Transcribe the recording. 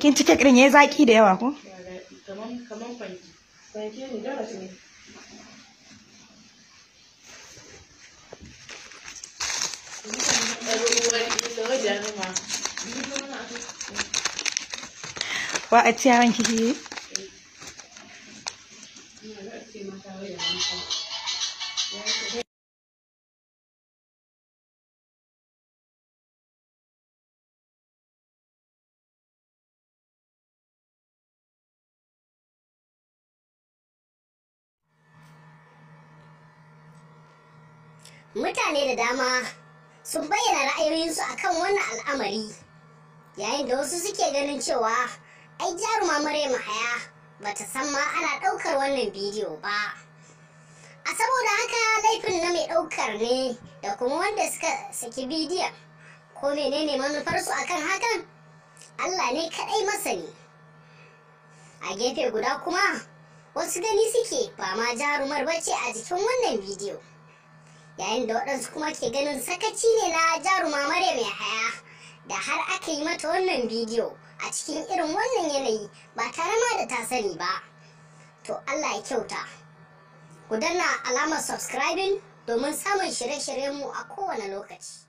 Kin cike kirin yayi zaki da yawa ko? Kaman Wa a ci yaran mutane da dama sun bayyana ra'ayoyinsu akan wannan al'amari yayin da wasu suke ganin cewa ai jaruma mare ba ta san ma ana ɗaukar wannan bidiyo ba a saboda haka laifin na mai ɗaukar ne da kuma wanda suka saki bidiyon ko menene manufarsu akan hakan allah ne kaɗai masani a gefe guda kuma wasu gani suke ba ma jarumar bace a jikin wannan bidiyo yayin da waɗansu kuma ke ganin sakaci ne na jaruma mare mai haya da har aka yi mata wannan bidiyo a cikin irin wannan yanayi ba tare ma da ta sani ba to allah ya kyauta ku danna alamar subscribing domin samun shirye-shiryenmu a kowane lokaci